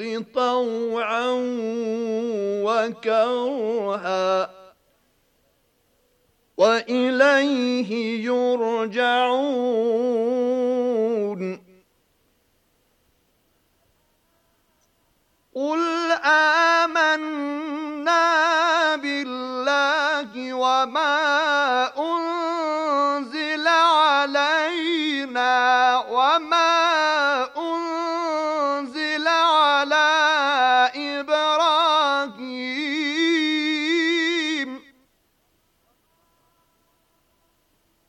الأرض طوعا وكرها وإليه يرجعون قل آمنا بالله وما أنزل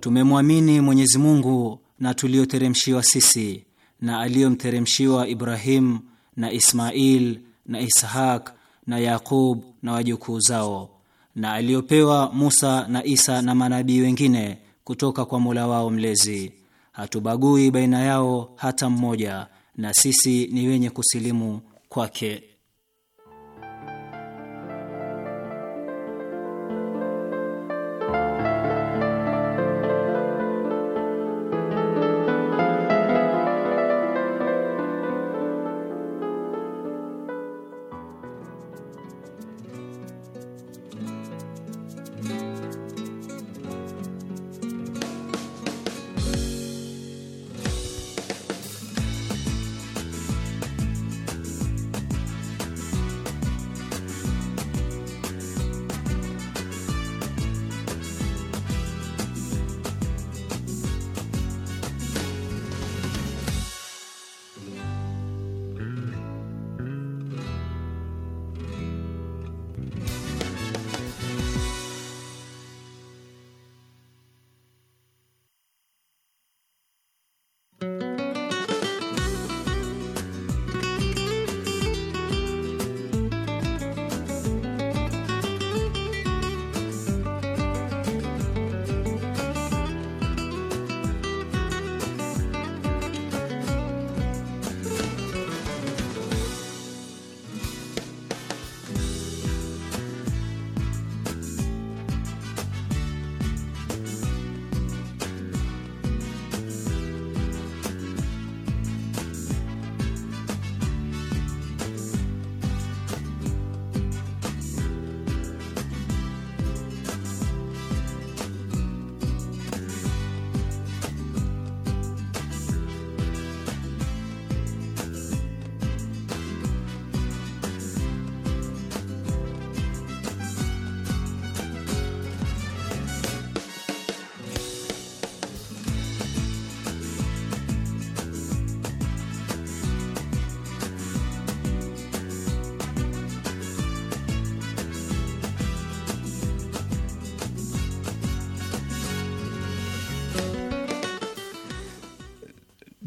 Tumemwamini Mwenyezi Mungu na tulioteremshiwa sisi na aliyomteremshiwa Ibrahim na Ismail na ishak na Yaqub na wajukuu zao na aliyopewa Musa na Isa na manabii wengine kutoka kwa Mola wao mlezi. Hatubagui baina yao hata mmoja, na sisi ni wenye kusilimu kwake.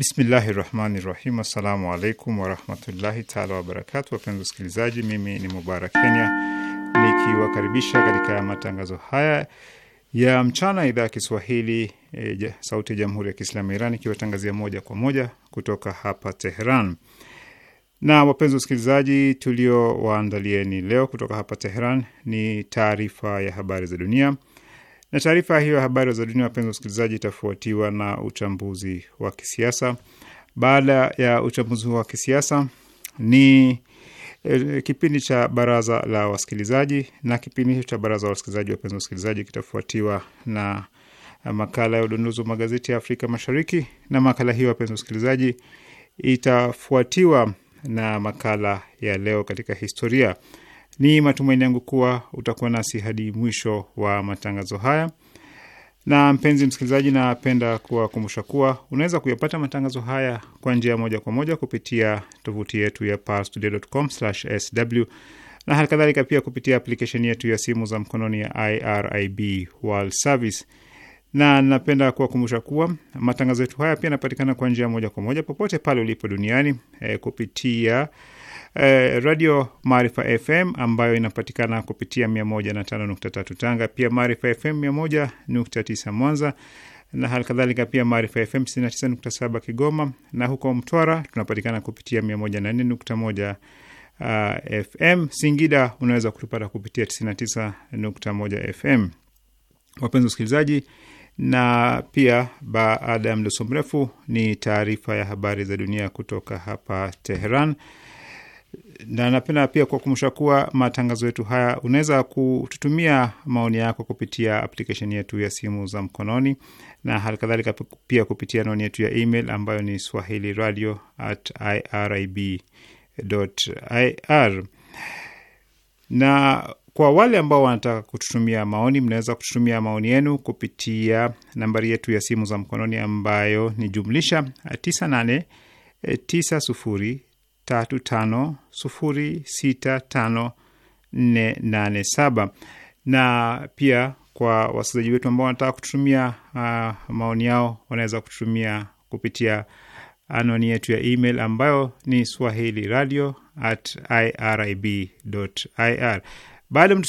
Bismillahi rahmani rahim. Assalamu alaikum warahmatullahi taala wabarakatu. Wapenzi wasikilizaji, mimi ni Mubarak Kenya nikiwakaribisha katika matangazo haya ya mchana, idhaa ya Kiswahili e, sauti ya jamhuri ya Kiislamu ya Iran ikiwatangazia moja kwa moja kutoka hapa Tehran. Na wapenzi wasikilizaji, tuliowaandalieni leo kutoka hapa Tehran ni taarifa ya habari za dunia na taarifa hiyo ya habari za dunia, wapenzi usikilizaji, itafuatiwa na uchambuzi wa kisiasa. Baada ya uchambuzi huo wa kisiasa ni eh, kipindi cha baraza la wasikilizaji, na kipindi hicho cha baraza la wasikilizaji, wapenzi usikilizaji kitafuatiwa na makala ya udunduzi wa magazeti ya Afrika Mashariki, na makala hiyo, wapenzi usikilizaji, itafuatiwa na makala ya leo katika historia. Ni matumaini yangu kuwa utakuwa nasi hadi mwisho wa matangazo haya. Na mpenzi msikilizaji, napenda kuwakumbusha kuwa unaweza kuyapata matangazo haya kwa njia moja kwa moja kupitia tovuti yetu ya parstoday.com/sw na hali kadhalika pia kupitia aplikesheni yetu ya simu za mkononi ya IRIB World Service. Na napenda kuwakumbusha kuwa matangazo yetu haya pia yanapatikana kwa njia moja kwa moja popote pale ulipo duniani eh, kupitia Eh, Radio Maarifa FM ambayo inapatikana kupitia 105.3 Tanga, pia Maarifa FM 101.9 Mwanza na hali kadhalika pia Maarifa FM 99.7 Kigoma, na huko Mtwara tunapatikana kupitia 104.1 uh, FM. Singida unaweza kutupata kupitia 99.1 FM. Wapenzi wasikilizaji, na pia baada ya mdoso mrefu ni taarifa ya habari za dunia kutoka hapa Teheran na napenda pia kwa kukumbusha kuwa matangazo yetu haya unaweza kututumia maoni yako kupitia aplikeshen yetu ya simu za mkononi na hali kadhalika pia kupitia anwani yetu ya email ambayo ni swahili radio at irib ir. Na kwa wale ambao wanataka kututumia maoni, mnaweza kututumia maoni yenu kupitia nambari yetu ya simu za mkononi ambayo ni jumlisha 98 90 tatu tano sufuri sita tano nne nane saba. Na pia kwa wasikilizaji wetu ambao wanataka kututumia uh, maoni yao wanaweza kututumia kupitia anwani yetu ya email ambayo ni swahili radio at irib ir. Baada ya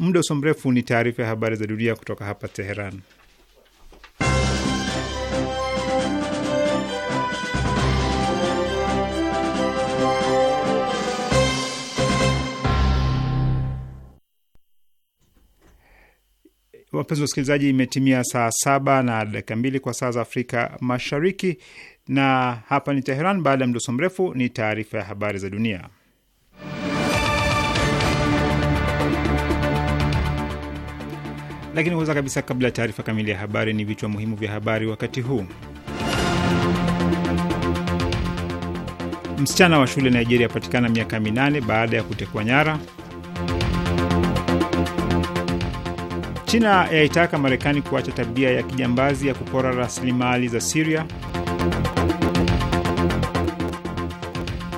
muda usio mrefu ni taarifa ya habari za dunia kutoka hapa Teheran. wapenzi wasikilizaji, imetimia saa saba na dakika mbili kwa saa za Afrika Mashariki, na hapa ni Teheran. Baada ya mdoso mrefu, ni taarifa ya habari za dunia. Lakini kwanza kabisa, kabla ya taarifa kamili ya habari, ni vichwa muhimu vya habari wakati huu. Msichana wa shule Nigeria apatikana miaka minane baada ya kutekwa nyara. China yaitaka Marekani kuacha tabia ya kijambazi ya kupora rasilimali za Siria.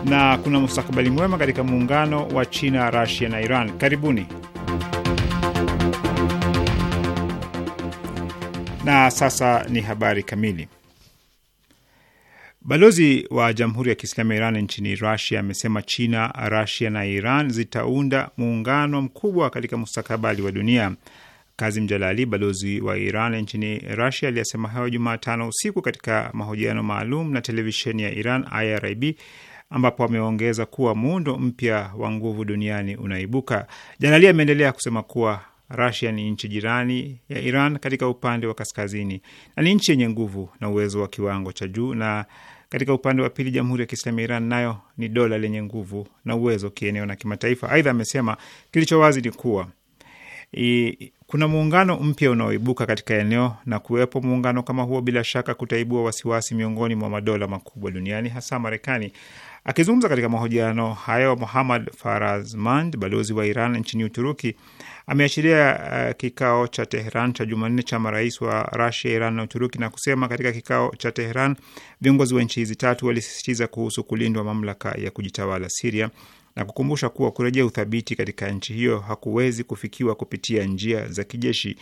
Na kuna mustakabali mwema katika muungano wa China, Rasia na Iran. Karibuni. Na sasa ni habari kamili. Balozi wa Jamhuri ya Kiislamu ya Iran nchini Rasia amesema China, Rasia na Iran zitaunda muungano mkubwa katika mustakabali wa dunia. Kazim Jalali, balozi wa Iran nchini Rasia, aliyasema hayo Jumatano usiku katika mahojiano maalum na televisheni ya Iran IRIB ambapo ameongeza kuwa muundo mpya wa nguvu duniani unaibuka. Jalali ameendelea kusema kuwa Rasia ni nchi jirani ya Iran katika upande wa kaskazini na ni nchi yenye nguvu na uwezo wa kiwango cha juu, na katika upande wa pili, Jamhuri ya Kiislamu ya Iran nayo ni dola lenye nguvu na uwezo kieneo na kimataifa. Aidha amesema kilicho wazi ni kuwa i, kuna muungano mpya unaoibuka katika eneo na kuwepo muungano kama huo bila shaka kutaibua wasiwasi miongoni mwa madola makubwa duniani hasa Marekani. Akizungumza katika mahojiano hayo, Muhammad Farazmand, balozi wa Iran nchini Uturuki, ameashiria uh, kikao cha Tehran cha Jumanne cha marais wa Rasia, Iran na Uturuki na kusema katika kikao cha Tehran viongozi wa nchi hizi tatu walisisitiza kuhusu kulindwa mamlaka ya kujitawala Siria na kukumbusha kuwa kurejea uthabiti katika nchi hiyo hakuwezi kufikiwa kupitia njia za kijeshi.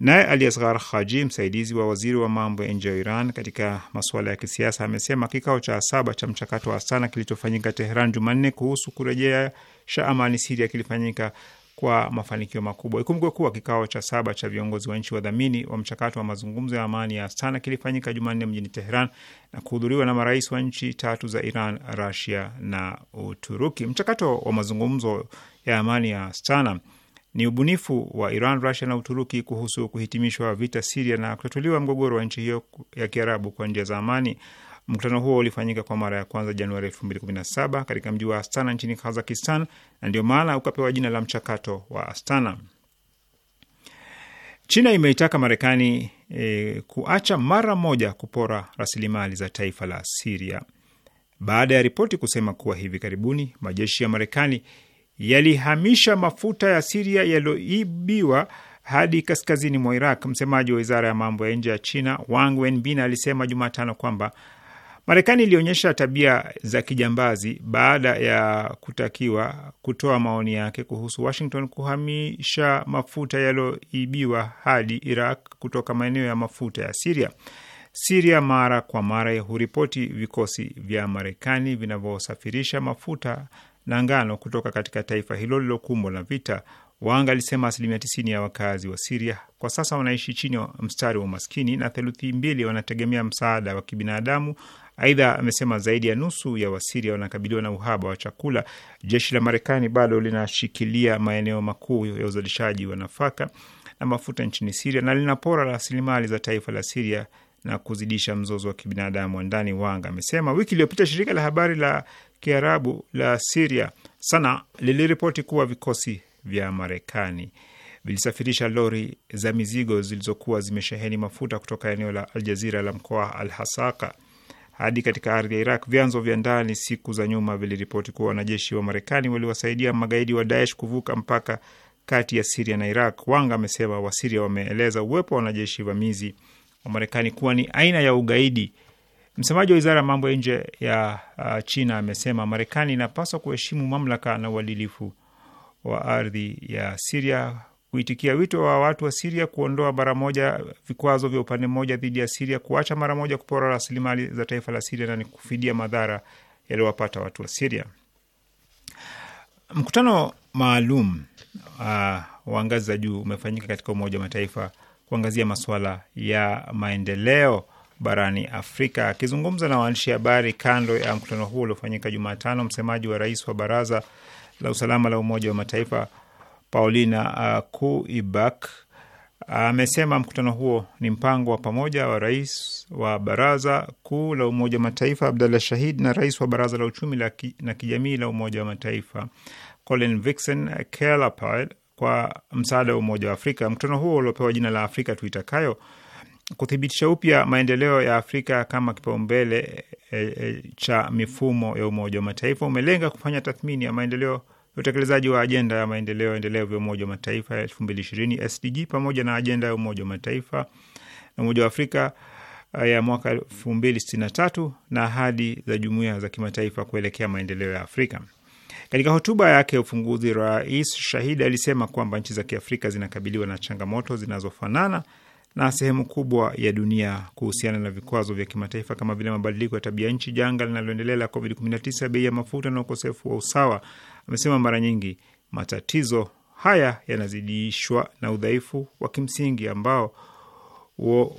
Naye Ali Asghar Haji, msaidizi wa waziri wa mambo ya nje ya Iran katika masuala ya kisiasa, amesema kikao cha saba cha mchakato wa Astana kilichofanyika Teheran Jumanne kuhusu kurejesha amani Siria kilifanyika kwa mafanikio makubwa. Ikumbukwe kuwa kikao cha saba cha viongozi wa nchi wadhamini wa mchakato wa mazungumzo ya amani ya Astana kilifanyika Jumanne mjini Teheran na kuhudhuriwa na marais wa nchi tatu za Iran, Rasia na Uturuki. Mchakato wa mazungumzo ya amani ya Astana ni ubunifu wa Iran, Rusia na Uturuki kuhusu kuhitimishwa vita Siria na kutatuliwa mgogoro wa nchi hiyo ya kiarabu kwa njia za amani. Mkutano huo ulifanyika kwa mara ya kwanza Januari 2017 katika mji wa Astana nchini Kazakistan na ndio maana ukapewa jina la mchakato wa Astana. China imeitaka Marekani e, kuacha mara moja kupora rasilimali za taifa la Siria baada ya ripoti kusema kuwa hivi karibuni majeshi ya Marekani yalihamisha mafuta ya Siria yaliyoibiwa hadi kaskazini mwa Iraq. Msemaji wa wizara ya mambo ya nje ya China Wang Wenbin alisema Jumatano kwamba Marekani ilionyesha tabia za kijambazi baada ya kutakiwa kutoa maoni yake kuhusu Washington kuhamisha mafuta yaliyoibiwa hadi Iraq kutoka maeneo ya mafuta ya Siria. Siria mara kwa mara huripoti vikosi vya Marekani vinavyosafirisha mafuta na ngano kutoka katika taifa hilo lilokumbwa na vita. Wanga alisema asilimia 90 ya wakazi wa Siria kwa sasa wanaishi chini ya mstari wa umaskini na theluthi mbili wanategemea msaada wa kibinadamu Aidha amesema zaidi ya nusu ya Wasiria wanakabiliwa na uhaba wa chakula. Jeshi la Marekani bado linashikilia maeneo makuu ya uzalishaji wa nafaka na mafuta nchini Siria na linapora rasilimali za taifa la Siria na kuzidisha mzozo wa kibinadamu wa ndani. Wanga amesema wiki iliyopita shirika la habari la Kiarabu la Siria Sana liliripoti kuwa vikosi vya Marekani vilisafirisha lori za mizigo zilizokuwa zimesheheni mafuta kutoka eneo la Aljazira la mkoa Al Hasaka hadi katika ardhi ya Iraq. Vyanzo vya ndani siku za nyuma viliripoti kuwa wanajeshi wa Marekani waliwasaidia magaidi wa Daesh kuvuka mpaka kati ya Siria na Iraq. Wanga amesema Wasiria wameeleza uwepo wa wanajeshi vamizi wa Marekani kuwa ni aina ya ugaidi. Msemaji wa wizara ya mambo ya nje ya uh, China amesema Marekani inapaswa kuheshimu mamlaka na uadilifu wa ardhi ya Siria kuitikia wito wa watu wa Siria kuondoa mara moja vikwazo vya upande mmoja dhidi ya Siria, kuacha mara moja kupora rasilimali za taifa la Siria na ni kufidia madhara yaliyowapata watu wa Siria. Mkutano maalum uh, wa ngazi za juu umefanyika katika Umoja wa Mataifa kuangazia masuala ya maendeleo barani Afrika. Akizungumza na waandishi habari kando ya mkutano huo uliofanyika Jumatano, msemaji wa rais wa Baraza la Usalama la Umoja wa Mataifa Paulina uh, Kuibak amesema mkutano huo ni mpango wa pamoja wa rais wa baraza kuu la Umoja wa Mataifa Abdallah Shahid na rais wa baraza la uchumi la ki, na kijamii la Umoja wa Mataifa Colin Vixen Kelapil kwa msaada wa Umoja wa Afrika. Mkutano huo uliopewa jina la Afrika tuitakayo kuthibitisha upya maendeleo ya Afrika kama kipaumbele e, e, cha mifumo ya Umoja wa Mataifa umelenga kufanya tathmini ya maendeleo ya utekelezaji wa ajenda ya maendeleo endelevu ya Umoja wa Mataifa ya elfu mbili ishirini SDG pamoja na ajenda ya Umoja wa Mataifa na Umoja wa Afrika uh, ya mwaka elfu mbili sitini na tatu na ahadi za jumuiya za kimataifa kuelekea maendeleo ya Afrika. Katika hotuba yake ya ufunguzi, Rais Shahidi alisema kwamba nchi za Kiafrika zinakabiliwa na changamoto zinazofanana na sehemu kubwa ya dunia kuhusiana na vikwazo vya kimataifa kama vile mabadiliko ya tabia nchi, janga linaloendelea la COVID-19, bei ya mafuta na ukosefu wa usawa amesema mara nyingi matatizo haya yanazidishwa na udhaifu wa kimsingi ambao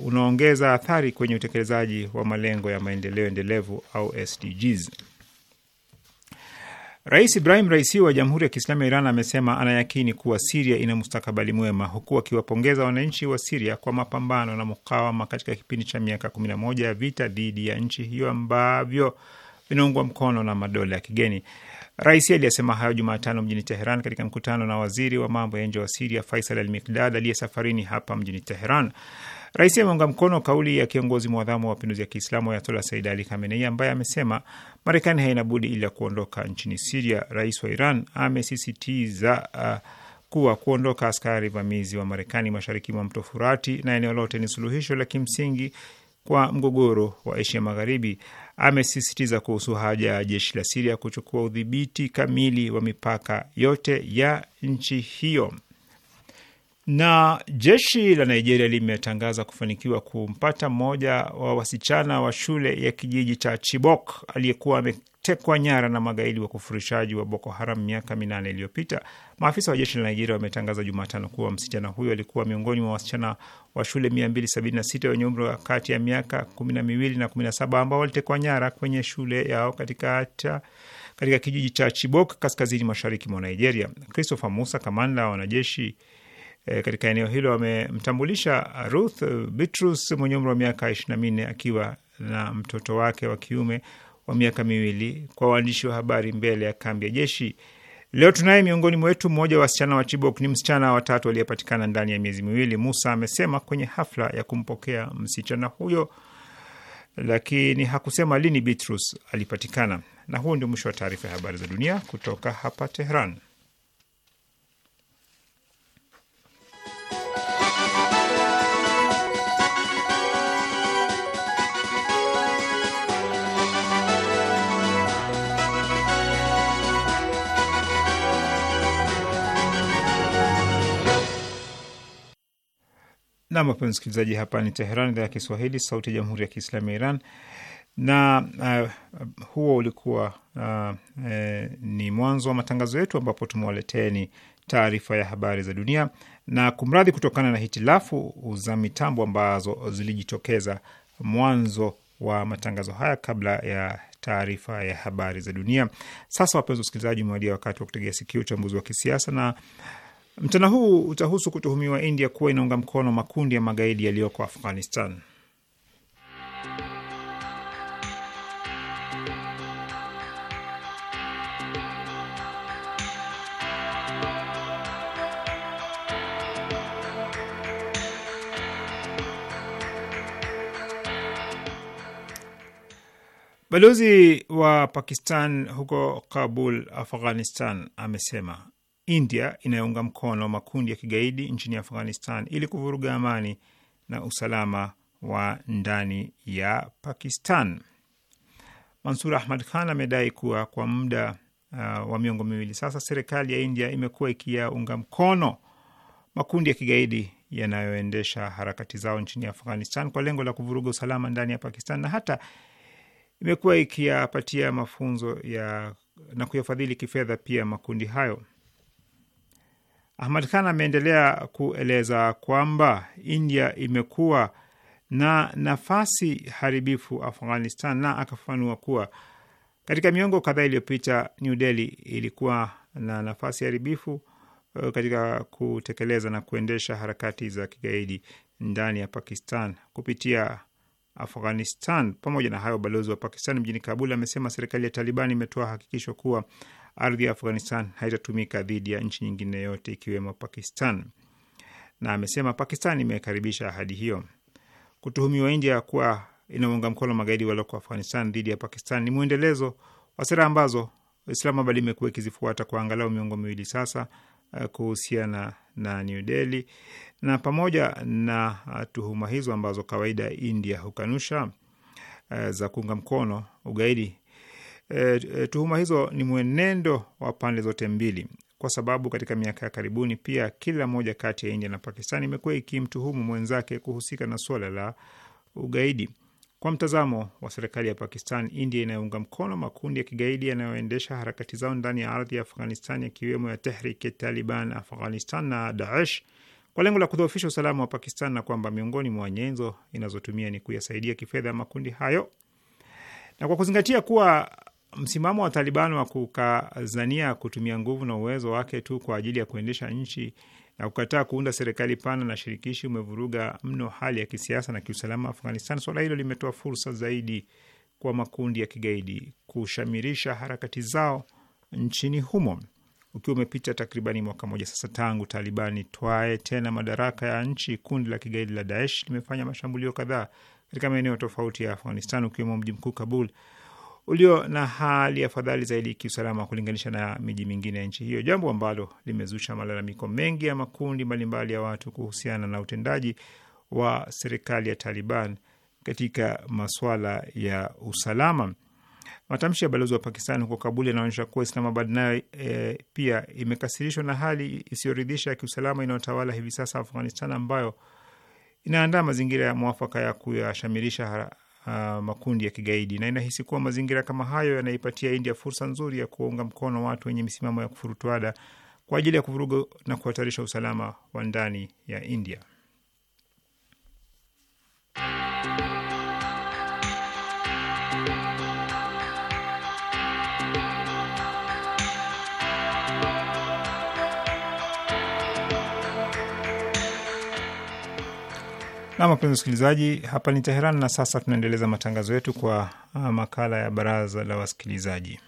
unaongeza athari kwenye utekelezaji wa malengo ya maendeleo endelevu au SDGs. Rais Ibrahim Raisi wa Jamhuri ya Kiislamu ya Iran amesema anayakini kuwa Siria ina mustakabali mwema, huku akiwapongeza wananchi wa Siria kwa mapambano na mukawama katika kipindi cha miaka 11 ya vita dhidi ya nchi hiyo ambavyo vinaungwa mkono na madola ya kigeni. Raisi aliyesema hayo Jumatano mjini Teheran katika mkutano na waziri wa mambo ya nje wa Siria Faisal Al Mikdad aliye safarini hapa mjini Teheran. Raisi ameunga mkono kauli ya kiongozi mwadhamu wa mapinduzi ya Kiislamu Ayatola Said Ali Khamenei ambaye amesema Marekani haina budi ila kuondoka nchini Siria. Rais wa Iran amesisitiza uh, kuwa kuondoka askari vamizi wa Marekani mashariki mwa mto Furati na eneo lote ni suluhisho la kimsingi kwa mgogoro wa Asia Magharibi amesisitiza kuhusu haja ya jeshi la Siria kuchukua udhibiti kamili wa mipaka yote ya nchi hiyo. Na jeshi la Nigeria limetangaza kufanikiwa kumpata mmoja wa wasichana wa shule ya kijiji cha Chibok aliyekuwa kutekwa nyara na magaidi wa kufurishaji wa Boko Haram miaka minane iliyopita. Maafisa wa jeshi la Nigeria wametangaza Jumatano kuwa msichana huyo alikuwa miongoni mwa wasichana wa shule 276 wenye umri wa kati ya miaka 12 na 17 na ambao walitekwa nyara kwenye shule yao katika ata katika kijiji cha Chibok kaskazini mashariki mwa Nigeria. Christopher Musa, kamanda wa wanajeshi e, katika eneo hilo amemtambulisha Ruth Bitrus mwenye umri wa miaka 24 akiwa na mtoto wake wa kiume wa miaka miwili kwa waandishi wa habari mbele ya kambi ya jeshi. Leo tunaye miongoni mwetu mmoja wa wasichana wa Chibok. Ni msichana watatu aliyepatikana ndani ya miezi miwili, Musa amesema kwenye hafla ya kumpokea msichana huyo, lakini hakusema lini Bitrus alipatikana. Na huu ndio mwisho wa taarifa ya habari za dunia kutoka hapa Tehran. Nam, wapenzi msikilizaji, hapa ni Teheran, idhaa ya Kiswahili, sauti ya jamhuri ya kiislamu ya Iran. Na uh, huo ulikuwa uh, eh, ni mwanzo wa matangazo yetu ambapo tumewaleteni taarifa ya habari za dunia, na kumradhi kutokana na hitilafu za mitambo ambazo zilijitokeza mwanzo wa matangazo haya kabla ya taarifa ya habari za dunia. Sasa wapenzi wasikilizaji, umewadia wakati wa kutegea sikio uchambuzi wa kisiasa na Mtana huu utahusu kutuhumiwa India kuwa inaunga mkono makundi ya magaidi yaliyoko Afghanistan. Balozi wa Pakistan huko Kabul, Afghanistan, amesema India inayounga mkono makundi ya kigaidi nchini Afghanistan ili kuvuruga amani na usalama wa ndani ya Pakistan. Mansur Ahmad Khan amedai kuwa kwa muda uh, wa miongo miwili sasa serikali ya India imekuwa ikiyaunga mkono makundi ya kigaidi yanayoendesha harakati zao nchini Afghanistan kwa lengo la kuvuruga usalama ndani ya Pakistan na hata imekuwa ikiyapatia mafunzo ya na kuyafadhili kifedha pia makundi hayo. Ahmad Khan ameendelea kueleza kwamba India imekuwa na nafasi haribifu Afghanistan, na akafafanua kuwa katika miongo kadhaa iliyopita New Delhi ilikuwa na nafasi haribifu eh, katika kutekeleza na kuendesha harakati za kigaidi ndani ya Pakistan kupitia Afghanistan. Pamoja na hayo, balozi wa Pakistan mjini Kabul amesema serikali ya Taliban imetoa hakikisho kuwa ardhi ya Afghanistan haitatumika dhidi ya nchi nyingine yote ikiwemo Pakistan, na amesema Pakistan imekaribisha ahadi hiyo. Kutuhumiwa India kuwa inaunga mkono magaidi walioko Afghanistan dhidi ya Pakistan ni mwendelezo wa sera ambazo Islamabad imekuwa ikizifuata kwa angalau miongo miwili sasa eh, kuhusiana na New Delhi. Na pamoja na eh, tuhuma hizo ambazo kawaida India hukanusha eh, za kuunga mkono ugaidi, E, e, tuhuma hizo ni mwenendo wa pande zote mbili, kwa sababu katika miaka ya karibuni pia kila moja kati ya India na Pakistan imekuwa ikimtuhumu mwenzake kuhusika na suala la ugaidi. Kwa mtazamo wa serikali ya Pakistan, India inayounga mkono makundi ya kigaidi yanayoendesha harakati zao ndani ya ardhi ya Afghanistan, yakiwemo ya Tehriki Taliban Afghanistan na Daesh kwa lengo la kudhoofisha usalama wa Pakistan, na kwamba miongoni mwa nyenzo inazotumia ni kuyasaidia kifedha makundi hayo, na kwa kuzingatia kuwa Msimamo wa Taliban wa kukazania kutumia nguvu na uwezo wake tu kwa ajili ya kuendesha nchi na kukataa kuunda serikali pana na shirikishi umevuruga mno hali ya kisiasa na kiusalama Afghanistan. Suala hilo limetoa fursa zaidi kwa makundi ya kigaidi kushamirisha harakati zao nchini humo, ukiwa umepita takribani mwaka moja sasa tangu Taliban twae tena madaraka ya nchi. Kundi la kigaidi la Daesh limefanya mashambulio kadhaa katika maeneo tofauti ya Afghanistan, ukiwemo mji mkuu Kabul ulio na hali ya fadhali zaidi kiusalama kulinganisha na miji mingine ya nchi hiyo, jambo ambalo limezusha malalamiko mengi ya makundi mbalimbali ya watu kuhusiana na utendaji wa serikali ya Taliban katika maswala ya usalama. Matamshi ya balozi wa Pakistan huko Kabuli yanaonyesha kuwa Islamabad nayo e, pia imekasirishwa na hali isiyoridhisha ya kiusalama inayotawala hivi sasa Afghanistan, ambayo inaandaa mazingira ya mwafaka ya kuyashamirisha uh, makundi ya kigaidi, na inahisi kuwa mazingira kama hayo yanaipatia India fursa nzuri ya kuwaunga mkono watu wenye misimamo ya kufurutuada kwa ajili ya kuvuruga na kuhatarisha usalama wa ndani ya India. Nam, wapenzi wasikilizaji, hapa ni Teheran na sasa tunaendeleza matangazo yetu kwa uh, makala ya baraza la wasikilizaji.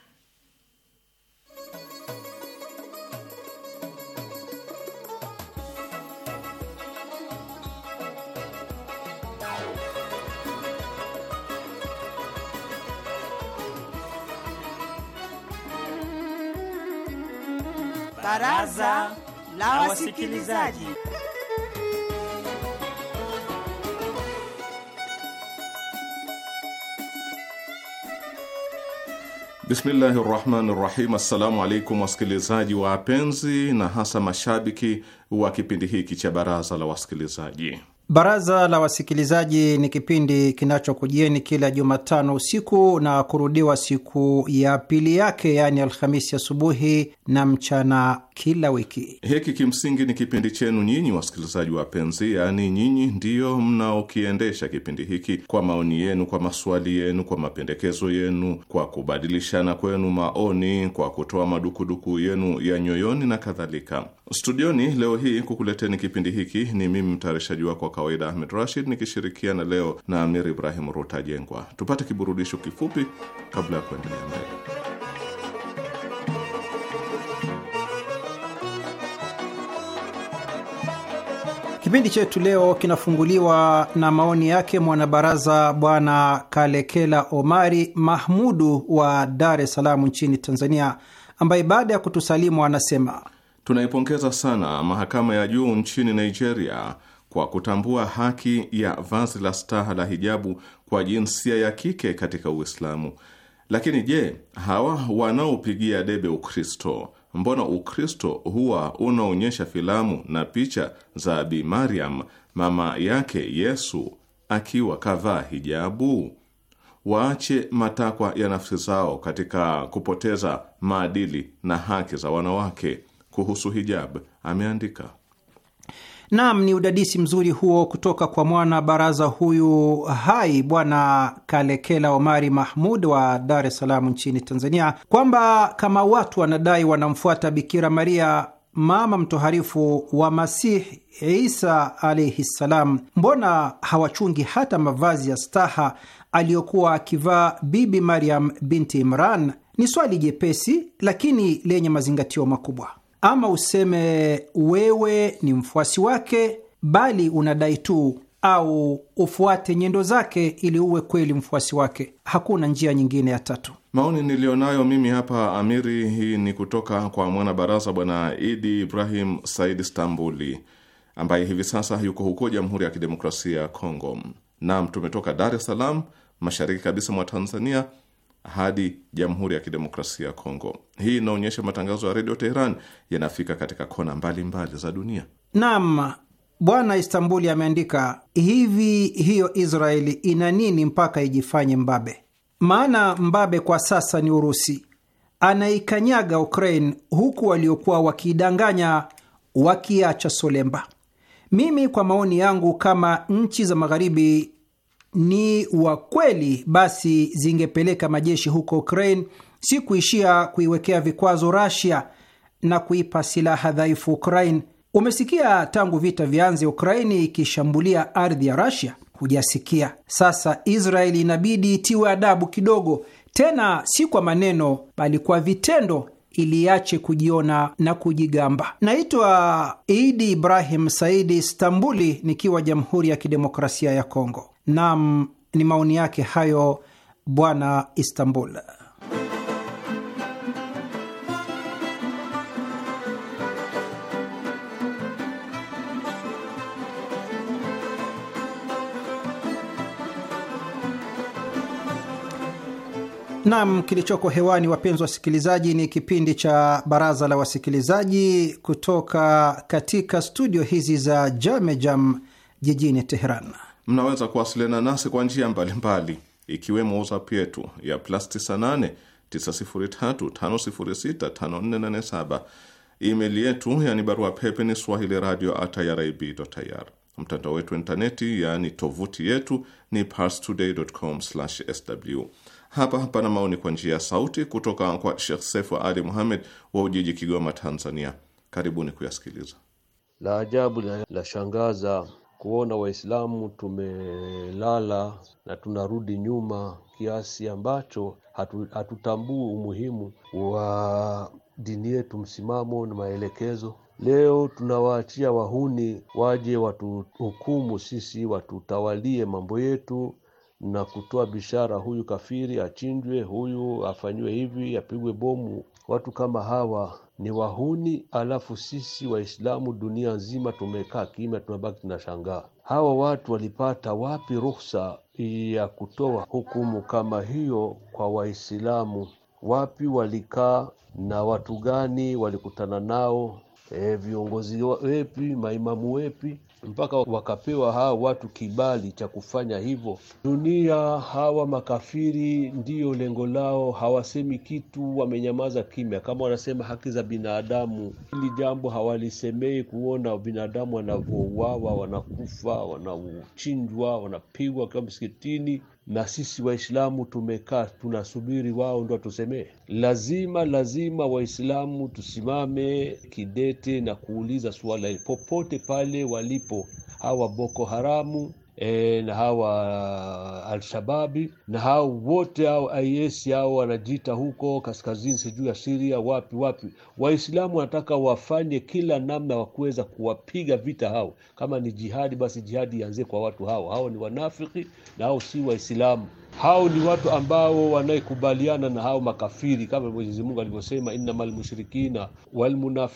Baraza la wasikilizaji. Bismillahi rahmani rahim. Assalamu alaikum wasikilizaji wapenzi, na hasa mashabiki wa kipindi hiki cha baraza la wasikilizaji. Baraza la Wasikilizaji ni kipindi kinachokujieni kila Jumatano usiku na kurudiwa siku ya pili yake, yaani Alhamisi asubuhi ya na mchana kila wiki. Hiki kimsingi ni kipindi chenu nyinyi wasikilizaji wapenzi, yaani nyinyi ndiyo mnaokiendesha kipindi hiki kwa maoni yenu, kwa maswali yenu, kwa mapendekezo yenu, kwa kubadilishana kwenu maoni, kwa kutoa madukuduku yenu ya nyoyoni na kadhalika. Studioni leo hii kukuleteni kipindi hiki ni mimi mtayarishaji wako wa kawaida Ahmed Rashid, nikishirikiana leo na Amir Ibrahim Rutajengwa. Tupate kiburudisho kifupi kabla ya kuendelea mbele. Kipindi chetu leo kinafunguliwa na maoni yake mwanabaraza Bwana Kalekela Omari Mahmudu wa Dar es Salaam nchini Tanzania, ambaye baada ya kutusalimu anasema Tunaipongeza sana mahakama ya juu nchini Nigeria kwa kutambua haki ya vazi la staha la hijabu kwa jinsia ya kike katika Uislamu. Lakini je, hawa wanaopigia debe Ukristo, mbona Ukristo huwa unaonyesha filamu na picha za Bi Mariam mama yake Yesu akiwa kavaa hijabu? Waache matakwa ya nafsi zao katika kupoteza maadili na haki za wanawake kuhusu hijab ameandika: Naam, ni udadisi mzuri huo kutoka kwa mwana baraza huyu hai Bwana Kalekela Omari Mahmud wa Dar es Salaam nchini Tanzania, kwamba kama watu wanadai wanamfuata Bikira Maria mama mtoharifu wa Masihi Isa alaihi ssalam, mbona hawachungi hata mavazi ya staha aliyokuwa akivaa Bibi Mariam binti Imran? Ni swali jepesi lakini lenye mazingatio makubwa ama useme wewe ni mfuasi wake, bali unadai tu au ufuate nyendo zake ili uwe kweli mfuasi wake. Hakuna njia nyingine ya tatu. Maoni niliyonayo mimi hapa Amiri, hii ni kutoka kwa mwanabaraza Bwana Idi Ibrahim Said Stambuli ambaye hivi sasa yuko huko Jamhuri ya Kidemokrasia ya Kongo. Naam, tumetoka Dar es Salaam, mashariki kabisa mwa Tanzania hadi Jamhuri ya Kidemokrasia ya Kongo. Hii inaonyesha matangazo ya Redio Teheran yanafika katika kona mbalimbali mbali za dunia. Naam, Bwana Istambuli ameandika hivi, hiyo Israeli ina nini mpaka ijifanye mbabe? Maana mbabe kwa sasa ni Urusi, anaikanyaga Ukraine huku waliokuwa wakiidanganya wakiacha solemba. Mimi kwa maoni yangu, kama nchi za magharibi ni wa kweli, basi zingepeleka majeshi huko Ukraine, si kuishia kuiwekea vikwazo Russia na kuipa silaha dhaifu Ukraine. Umesikia tangu vita vyanze Ukraini ikishambulia ardhi ya Russia? Hujasikia. Sasa Israeli inabidi itiwe adabu kidogo, tena si kwa maneno, bali kwa vitendo iliache kujiona na kujigamba. Naitwa Idi Ibrahim Saidi Stambuli, nikiwa Jamhuri ya Kidemokrasia ya Kongo. Naam, ni maoni yake hayo Bwana Istanbul. Nam, kilichoko hewani, wapenzi wasikilizaji, ni kipindi cha Baraza la Wasikilizaji kutoka katika studio hizi za Jamejam jijini Teheran mnaweza kuwasiliana nasi kwa njia mbalimbali ikiwemo WhatsApp yetu ya plus 98 9035065487, email yetu yani barua pepe ni swahili radio at irib ir, mtandao wetu wa intaneti yaani tovuti yetu ni parstoday.com/sw. Hapa hapana maoni kwa njia ya sauti kutoka kwa Sheikh Sefu Ali Muhamed wa Ujiji, Kigoma, Tanzania. Karibuni kuyasikiliza. La ajabu la shangaza kuona Waislamu tumelala na tunarudi nyuma kiasi ambacho hatu, hatutambui umuhimu wa dini yetu, msimamo na maelekezo. Leo tunawaachia wahuni waje watuhukumu sisi, watutawalie mambo yetu na kutoa bishara, huyu kafiri achinjwe, huyu afanyiwe hivi, apigwe bomu. Watu kama hawa ni wahuni, alafu sisi Waislamu dunia nzima tumekaa kimya, tumebaki tunashangaa hawa watu walipata wapi ruhusa ya kutoa hukumu kama hiyo kwa Waislamu? Wapi walikaa na watu gani walikutana nao? E, viongozi wepi? Maimamu wepi? mpaka wakapewa hawa watu kibali cha kufanya hivyo. Dunia hawa makafiri ndiyo lengo lao, hawasemi kitu, wamenyamaza kimya. Kama wanasema haki za binadamu, hili jambo hawalisemei, kuona binadamu wanavyouawa, wanakufa, wanachinjwa, wanapigwa wakiwa msikitini na sisi Waislamu tumekaa tunasubiri wao ndo watusemee. Lazima lazima Waislamu tusimame kidete na kuuliza suala popote pale walipo hawa Boko Haramu e, na hawa uh, Alshababi na hao wote hao IS hao wanajiita huko kaskazini, sijui ya Syria wapi wapi. Waislamu wanataka wafanye kila namna wa kuweza kuwapiga vita hao. Kama ni jihadi, basi jihadi ianzie kwa watu hao. Hao ni wanafiki na hao si Waislamu hao ni watu ambao wanayekubaliana na hao makafiri, kama Mwenyezi Mungu alivyosema, innamal mushrikina wal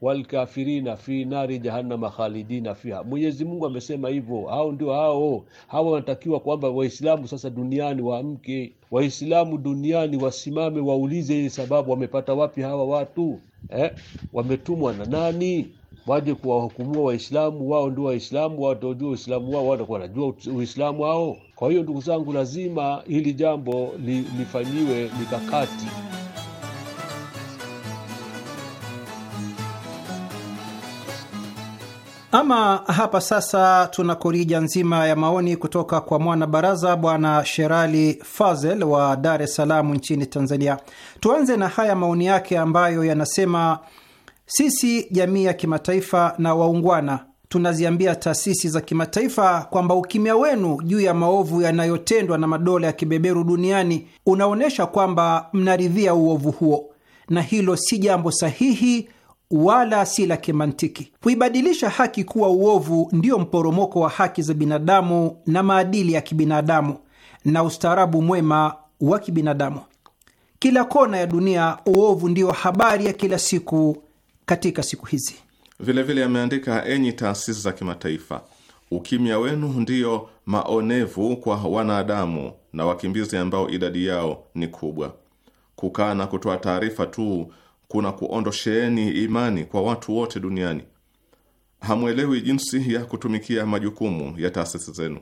walkafirina fi nari jahannama khalidina fiha. Mwenyezi Mungu amesema hivyo, hao ndio hao. Hawa wanatakiwa kwamba Waislamu sasa duniani waamke, Waislamu duniani wasimame, waulize ile sababu, wamepata wapi hawa watu eh? wametumwa na nani? waje kuwahukumua Waislamu. Wao ndio Waislamu, watojua Uislamu wao watakuwa wanajua Uislamu wao. Kwa hiyo ndugu zangu, lazima hili jambo li, lifanyiwe mikakati. Ama hapa sasa tuna korija nzima ya maoni kutoka kwa mwanabaraza Bwana Sherali Fazel wa Dar es Salaam nchini Tanzania. Tuanze na haya maoni yake ambayo yanasema sisi jamii ya kimataifa na waungwana tunaziambia taasisi za kimataifa kwamba ukimya wenu juu ya maovu yanayotendwa na madola ya kibeberu duniani unaonyesha kwamba mnaridhia uovu huo, na hilo si jambo sahihi wala si la kimantiki. Kuibadilisha haki kuwa uovu ndiyo mporomoko wa haki za binadamu na maadili ya kibinadamu na ustaarabu mwema wa kibinadamu. Kila kona ya dunia, uovu ndiyo habari ya kila siku katika siku hizi. Vilevile ameandika vile, enyi taasisi za kimataifa, ukimya wenu ndiyo maonevu kwa wanadamu na wakimbizi ambao idadi yao ni kubwa. Kukaa na kutoa taarifa tu kuna kuondosheeni imani kwa watu wote duniani. Hamwelewi jinsi ya kutumikia majukumu ya taasisi zenu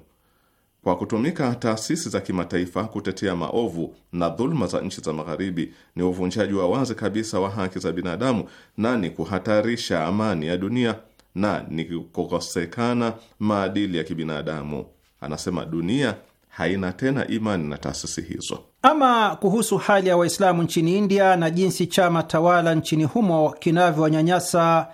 kwa kutumika taasisi za kimataifa kutetea maovu na dhuluma za nchi za magharibi ni uvunjaji wa wazi kabisa wa haki za binadamu na ni kuhatarisha amani ya dunia na ni kukosekana maadili ya kibinadamu. Anasema dunia haina tena imani na taasisi hizo. Ama kuhusu hali ya Waislamu nchini India na jinsi chama tawala nchini humo kinavyowanyanyasa,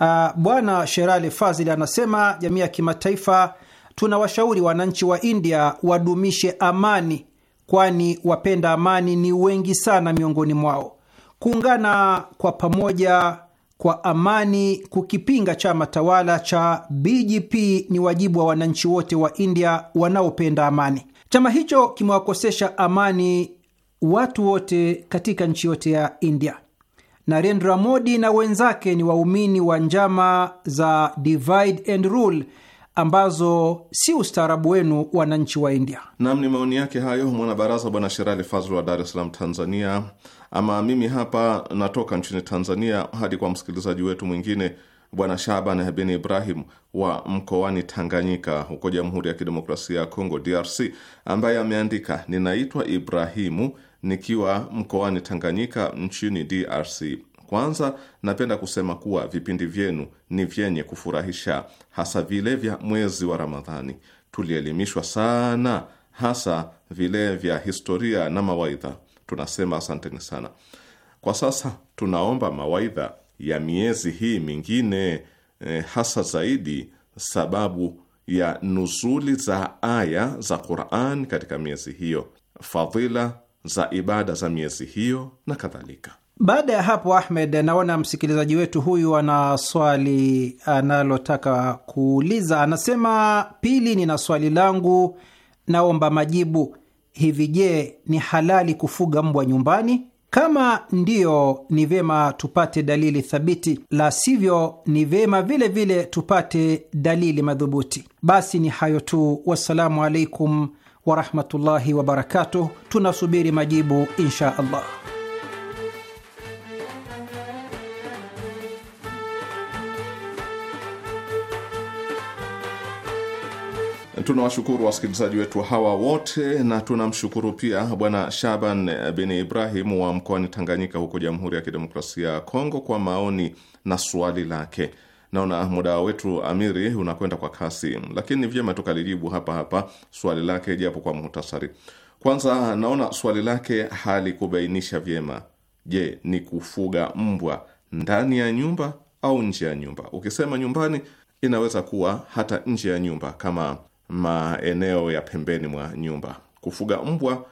uh, Bwana Sherali Fazili anasema jamii ya kimataifa tunawashauri wananchi wa India wadumishe amani, kwani wapenda amani ni wengi sana miongoni mwao. Kuungana kwa pamoja kwa amani kukipinga chama tawala cha BJP ni wajibu wa wananchi wote wa India wanaopenda amani. Chama hicho kimewakosesha amani watu wote katika nchi yote ya India. Narendra Modi na wenzake ni waumini wa njama za divide and rule ambazo si ustaarabu wenu, wananchi wa India. Nam, ni maoni yake hayo mwanabaraza Bwana Sherali Fazl wa Dar es Salaam, Tanzania. Ama mimi hapa natoka nchini Tanzania hadi kwa msikilizaji wetu mwingine Bwana Shaban bin Ibrahim wa mkoani Tanganyika huko Jamhuri ya Kidemokrasia ya Kongo, DRC, ambaye ameandika, ninaitwa Ibrahimu nikiwa mkoani Tanganyika nchini DRC. Kwanza napenda kusema kuwa vipindi vyenu ni vyenye kufurahisha, hasa vile vya mwezi wa Ramadhani. Tulielimishwa sana, hasa vile vya historia na mawaidha. Tunasema asanteni sana. Kwa sasa tunaomba mawaidha ya miezi hii mingine eh, hasa zaidi sababu ya nuzuli za aya za Qur'an katika miezi hiyo, fadhila za ibada za miezi hiyo na kadhalika. Baada ya hapo, Ahmed, naona msikilizaji wetu huyu ana swali analotaka kuuliza. Anasema, pili, nina swali langu, naomba majibu. Hivi je, ni halali kufuga mbwa nyumbani? Kama ndiyo, ni vyema tupate dalili thabiti, la sivyo ni vyema vile vile tupate dalili madhubuti. Basi ni hayo tu, wassalamu alaikum warahmatullahi wabarakatuh. Tunasubiri majibu insha Allah. Tunawashukuru wasikilizaji wetu hawa wote na tunamshukuru pia Bwana Shaban bin Ibrahim wa mkoani Tanganyika huko Jamhuri ya Kidemokrasia ya Kongo kwa maoni na swali lake. Naona muda wetu Amiri unakwenda kwa kasi, lakini ni vyema tukalijibu hapa hapa swali lake japo kwa muhtasari. Kwanza naona swali lake halikubainisha vyema. Je, ni kufuga mbwa ndani ya nyumba au nje ya nyumba? Ukisema nyumbani, inaweza kuwa hata nje ya nyumba kama maeneo ya pembeni mwa nyumba. Kufuga mbwa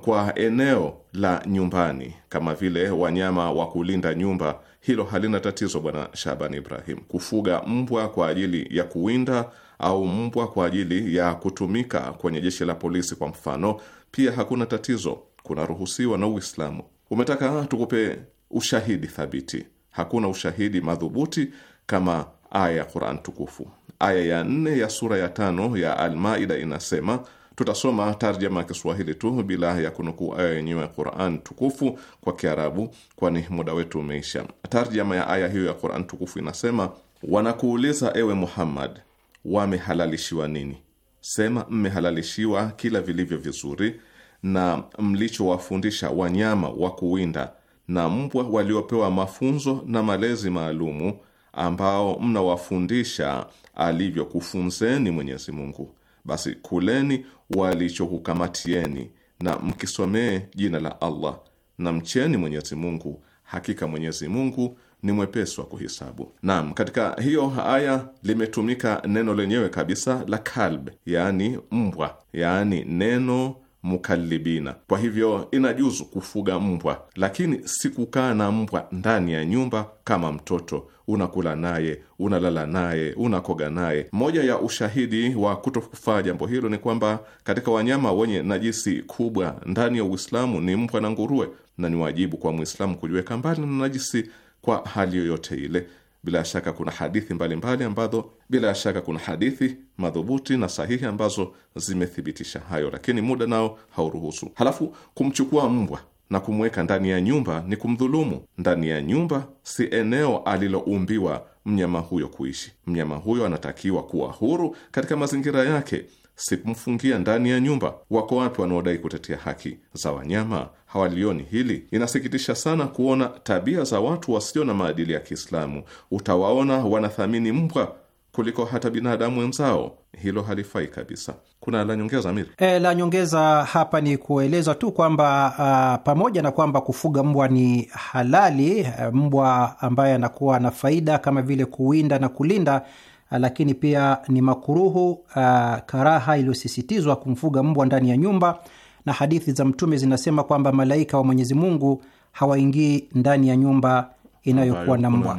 kwa eneo la nyumbani kama vile wanyama wa kulinda nyumba, hilo halina tatizo, Bwana Shaban Ibrahim. Kufuga mbwa kwa ajili ya kuwinda au mbwa kwa ajili ya kutumika kwenye jeshi la polisi, kwa mfano, pia hakuna tatizo, kunaruhusiwa na Uislamu. Umetaka tukupe ushahidi thabiti? Hakuna ushahidi madhubuti kama aya ya Quran tukufu. Aya ya nne ya sura ya tano ya Almaida inasema Tutasoma tarjama ya Kiswahili tu bila ya kunukuu aya yenyewe ya Quran tukufu kwa Kiarabu, kwani muda wetu umeisha. Tarjama ya aya hiyo ya Quran tukufu inasema: wanakuuliza ewe Muhammad, wamehalalishiwa nini? Sema, mmehalalishiwa kila vilivyo vizuri na mlichowafundisha wanyama wa kuwinda na mbwa waliopewa mafunzo na malezi maalumu, ambao mnawafundisha alivyokufunzeni Mwenyezi Mungu, basi kuleni walichokukamatieni na mkisomee jina la Allah na mcheni Mwenyezi Mungu, hakika Mwenyezi Mungu ni mwepesi wa kuhisabu. Naam, katika hiyo aya limetumika neno lenyewe kabisa la kalb, yaani mbwa, yaani neno mukalibina. Kwa hivyo inajuzu kufuga mbwa, lakini si kukaa na mbwa ndani ya nyumba kama mtoto unakula naye, unalala naye, unakoga naye. Moja ya ushahidi wa kutofaa jambo hilo ni kwamba katika wanyama wenye najisi kubwa ndani ya Uislamu ni mbwa na nguruwe, na ni wajibu kwa Mwislamu kujiweka mbali na najisi kwa hali yoyote ile. Bila shaka kuna hadithi mbalimbali ambazo bila shaka kuna hadithi madhubuti na sahihi ambazo zimethibitisha hayo, lakini muda nao hauruhusu. Halafu kumchukua mbwa na kumweka ndani ya nyumba ni kumdhulumu. Ndani ya nyumba si eneo aliloumbiwa mnyama huyo kuishi. Mnyama huyo anatakiwa kuwa huru katika mazingira yake, sikumfungia ndani ya nyumba. Wako wapi wanaodai kutetea haki za wanyama? Hawalioni hili? Inasikitisha sana kuona tabia za watu wasio na maadili ya Kiislamu. Utawaona wanathamini mbwa kuliko hata binadamu wenzao. Hilo halifai kabisa. Kuna la nyongeza Amiri? E, la nyongeza hapa ni kueleza tu kwamba uh, pamoja na kwamba kufuga mbwa ni halali, e, mbwa ambaye anakuwa na faida kama vile kuwinda na kulinda lakini pia ni makuruhu uh, karaha iliyosisitizwa kumfuga mbwa ndani ya nyumba, na hadithi za Mtume zinasema kwamba malaika wa Mwenyezi Mungu hawaingii ndani ya nyumba inayokuwa na mbwa.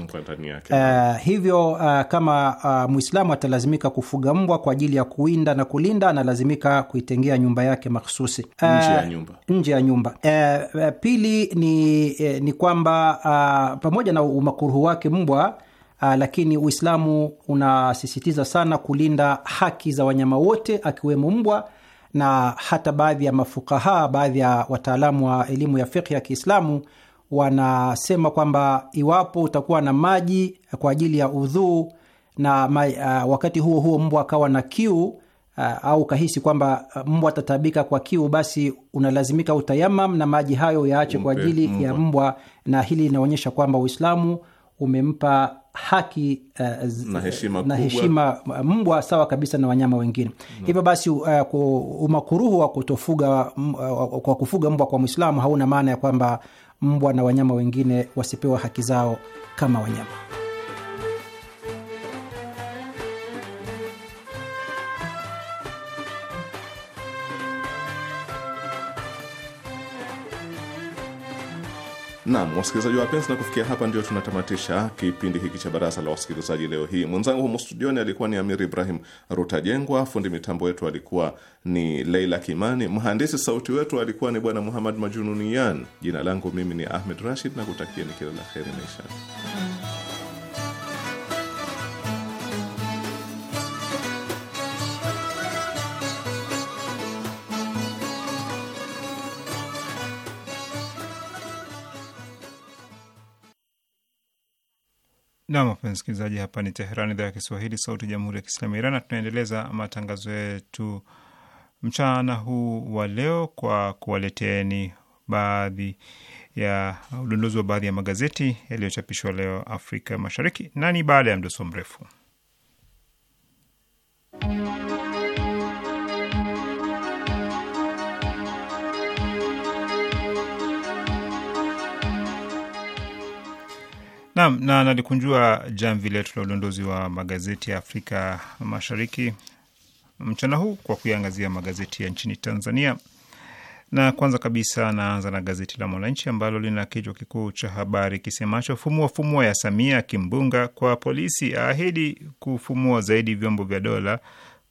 Uh, hivyo uh, kama uh, eh, Mwislamu atalazimika kufuga mbwa kwa ajili ya kuwinda na kulinda, analazimika kuitengea nyumba yake makhususi uh, nje ya nyumba, nje ya nyumba. Uh, pili ni, eh, ni kwamba uh, pamoja na umakuruhu wake mbwa Uh, lakini Uislamu unasisitiza sana kulinda haki za wanyama wote akiwemo mbwa, na hata baadhi ya mafukaha, baadhi ya wataalamu wa elimu ya fiqh ya Kiislamu wanasema kwamba iwapo utakuwa na maji kwa ajili ya udhuu na ma, uh, wakati huo huo mbwa akawa na kiu uh, au ukahisi kwamba uh, mbwa atatabika kwa kiu, basi unalazimika utayamam na maji hayo yaache kwa ajili mbwa ya mbwa, na hili linaonyesha kwamba Uislamu umempa haki uh, na heshima, na heshima uh, mbwa sawa kabisa na wanyama wengine no. Mm. Hivyo basi uh, umakuruhu wa kutofuga uh, kwa kufuga mbwa kwa mwislamu hauna maana ya kwamba mbwa na wanyama wengine wasipewa haki zao kama wanyama. Naam, wasikilizaji wapenzi, na kufikia hapa ndio tunatamatisha kipindi hiki cha baraza la wasikilizaji leo hii. Mwenzangu humu studioni alikuwa ni Amir Ibrahim Rutajengwa, fundi mitambo wetu alikuwa ni Leila Kimani, mhandisi sauti wetu alikuwa ni Bwana Muhammad Majununian. Jina langu mimi ni Ahmed Rashid na kutakieni kila la heri maishani. Nam, wapenzi msikilizaji, hapa ni Teheran, idhaa ya Kiswahili, sauti ya jamhuri ya kiislamu ya Iran, na tunaendeleza matangazo yetu mchana huu wa leo kwa kuwaleteni baadhi ya udondozi wa baadhi ya magazeti yaliyochapishwa leo Afrika Mashariki, na ni baada ya mdoso mrefu Naam, na nalikunjua jamvi letu la udondozi wa magazeti ya Afrika Mashariki mchana huu kwa kuiangazia magazeti ya nchini Tanzania, na kwanza kabisa naanza na gazeti la Mwananchi ambalo lina kichwa kikuu cha habari kisemacho fumua fumua ya Samia kimbunga kwa polisi, aahidi kufumua zaidi vyombo vya dola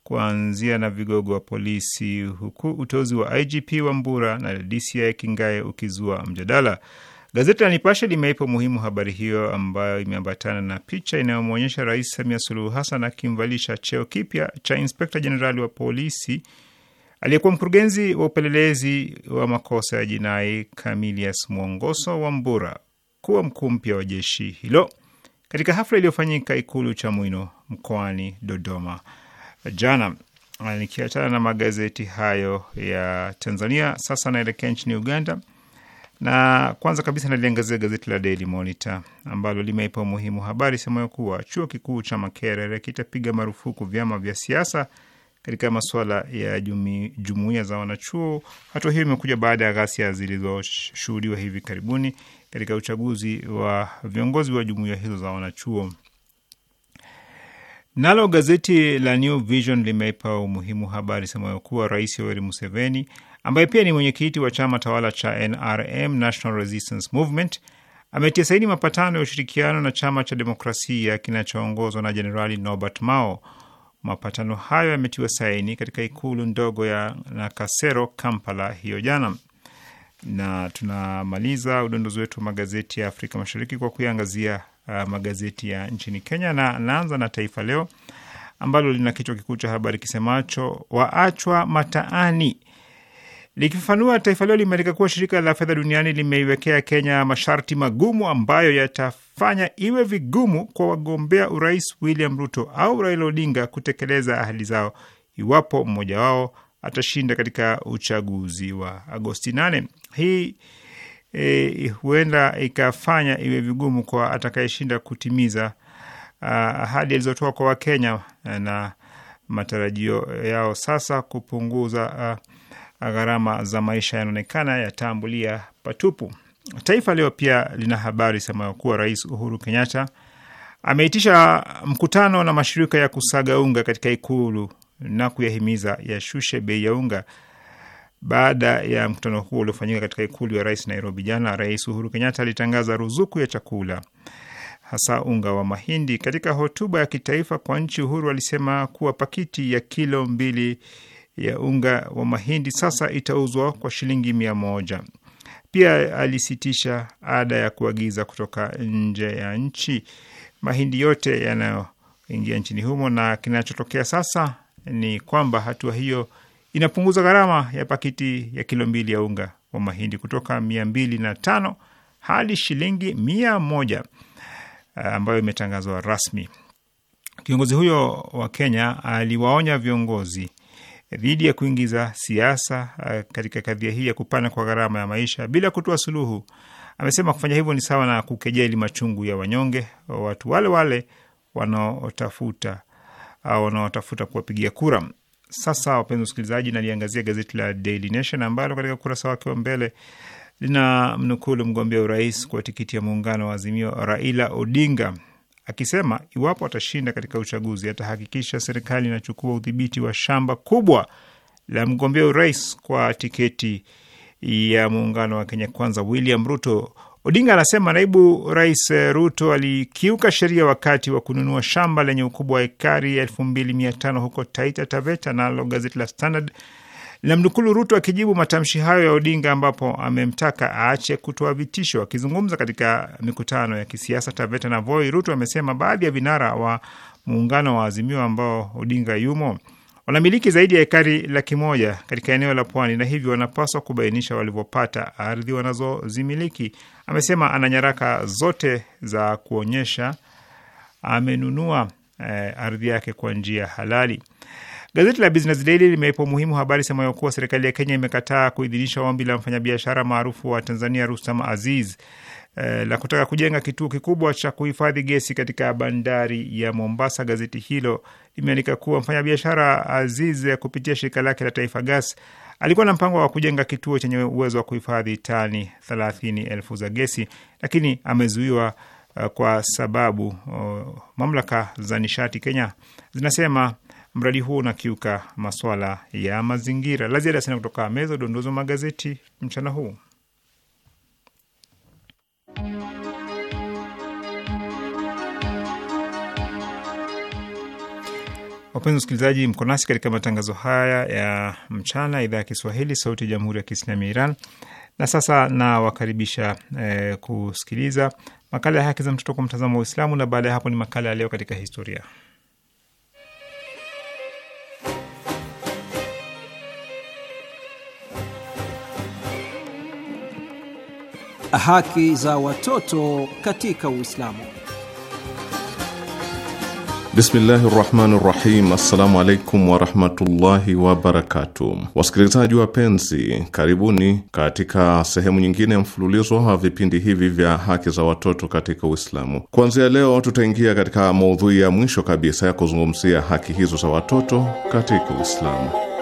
kuanzia na vigogo wa polisi, huku uteuzi wa IGP wa mbura na DCI Kingae ukizua mjadala. Gazeti la Nipashe limeipa umuhimu habari hiyo ambayo imeambatana na picha inayomwonyesha Rais Samia Suluhu Hassan akimvalisha cheo kipya cha inspekta jenerali wa polisi aliyekuwa mkurugenzi wa upelelezi wa makosa ya jinai Camilius Mwongoso wa mbura kuwa mkuu mpya wa jeshi hilo katika hafla iliyofanyika Ikulu Chamwino mkoani Dodoma jana. Nikiachana na magazeti hayo ya Tanzania, sasa naelekea nchini Uganda na kwanza kabisa naliangazia gazeti la Daily Monitor ambalo limeipa umuhimu habari semayo kuwa chuo kikuu cha Makerere kitapiga marufuku vyama vya siasa katika masuala ya jumuiya za wanachuo. Hatua hiyo imekuja baada ya ghasia zilizoshuhudiwa hivi karibuni katika uchaguzi wa viongozi wa jumuiya hizo za wanachuo. Nalo gazeti la New Vision limeipa umuhimu habari semayo kuwa Rais Yoweri Museveni ambaye pia ni mwenyekiti wa chama tawala cha NRM, National Resistance Movement, ametia saini mapatano ya ushirikiano na chama cha demokrasia kinachoongozwa na Jenerali Norbert Mao. Mapatano hayo yametiwa saini katika ikulu ndogo ya Nakasero, Kampala hiyo jana. Na tunamaliza udondozi wetu wa magazeti ya Afrika Mashariki kwa kuiangazia uh, magazeti ya nchini Kenya, na naanza na Taifa Leo ambalo lina kichwa kikuu cha habari kisemacho waachwa mataani Likifafanua, taifa hilo limeandika kuwa shirika la fedha duniani limeiwekea Kenya masharti magumu ambayo yatafanya iwe vigumu kwa wagombea urais William Ruto au Raila Odinga kutekeleza ahadi zao iwapo mmoja wao atashinda katika uchaguzi wa Agosti 8. Hii e, huenda ikafanya iwe vigumu kwa atakayeshinda kutimiza ah, ahadi alizotoa kwa Wakenya na matarajio yao, sasa kupunguza uh, gharama za maisha yanaonekana yataambulia patupu. Taifa Leo pia lina habari semayo kuwa Rais Uhuru Kenyatta ameitisha mkutano na mashirika ya kusaga unga katika Ikulu na kuyahimiza yashushe bei ya unga. Baada ya mkutano huo uliofanyika katika Ikulu ya rais Nairobi jana, Rais Uhuru Kenyatta alitangaza ruzuku ya chakula hasa unga wa mahindi. Katika hotuba ya kitaifa kwa nchi, Uhuru alisema kuwa pakiti ya kilo mbili ya unga wa mahindi sasa itauzwa kwa shilingi mia moja. Pia alisitisha ada ya kuagiza kutoka nje ya nchi mahindi yote yanayoingia nchini humo, na kinachotokea sasa ni kwamba hatua hiyo inapunguza gharama ya pakiti ya kilo mbili ya unga wa mahindi kutoka mia mbili na tano hadi shilingi mia moja uh, ambayo imetangazwa rasmi. Kiongozi huyo wa Kenya aliwaonya viongozi dhidi ya kuingiza siasa eh, katika kadhia hii ya kupanda kwa gharama ya maisha bila kutoa suluhu. Amesema kufanya hivyo ni sawa na kukejeli machungu ya wanyonge, watu wale wale wanaotafuta wanaotafuta kuwapigia kura. Sasa wapenzi wasikilizaji, naliangazia gazeti la Daily Nation ambalo katika ukurasa wake wa mbele lina mnukulu mgombea urais kwa tikiti ya muungano wa Azimio Raila Odinga akisema iwapo atashinda katika uchaguzi atahakikisha serikali inachukua udhibiti wa shamba kubwa la mgombea urais kwa tiketi ya muungano wa Kenya Kwanza William Ruto. Odinga anasema naibu rais eh, Ruto alikiuka sheria wakati wa kununua shamba lenye ukubwa wa ekari elfu huko Taita Taveta. Nalo gazeti la Standard linamnukulu Ruto akijibu matamshi hayo ya Odinga, ambapo amemtaka aache kutoa vitisho. Akizungumza katika mikutano ya kisiasa Taveta na Voi, Ruto amesema baadhi ya vinara wa muungano wa Azimio ambao Odinga yumo wanamiliki zaidi ya ekari laki moja katika eneo la pwani na hivyo wanapaswa kubainisha walivyopata ardhi wanazozimiliki. Amesema ana nyaraka zote za kuonyesha amenunua eh, ardhi yake kwa njia halali. Gazeti la Business Daily limeipa umuhimu habari semayo kuwa serikali ya Kenya imekataa kuidhinisha ombi la mfanyabiashara maarufu wa Tanzania Rustam Aziz eh, la kutaka kujenga kituo kikubwa cha kuhifadhi gesi katika bandari ya Mombasa. Gazeti hilo limeandika kuwa mfanyabiashara Aziz eh, kupitia shirika lake la Taifa Gas alikuwa na mpango wa kujenga kituo chenye uwezo wa kuhifadhi tani thelathini elfu za gesi, lakini amezuiwa uh, kwa sababu uh, mamlaka za nishati Kenya zinasema mradi huo unakiuka maswala ya mazingira. La ziada sana kutoka meza udondozi wa magazeti mchana huu. Wapenzi wasikilizaji, mko nasi katika matangazo haya ya mchana, idhaa ya Kiswahili, sauti ya jamhuri ya kiislami ya Iran. Na sasa nawakaribisha eh, kusikiliza makala ya haki za mtoto kwa mtazamo wa Uislamu, na baada ya hapo ni makala ya leo katika historia. Haki za watoto katika Uislamu. Bismillahi rahmani rahim. Assalamu alaikum warahmatullahi wabarakatuh. Wasikilizaji wapenzi, karibuni katika sehemu nyingine ya mfululizo wa vipindi hivi vya haki za watoto katika Uislamu. Kuanzia leo, tutaingia katika maudhui ya mwisho kabisa ya kuzungumzia haki hizo za watoto katika Uislamu.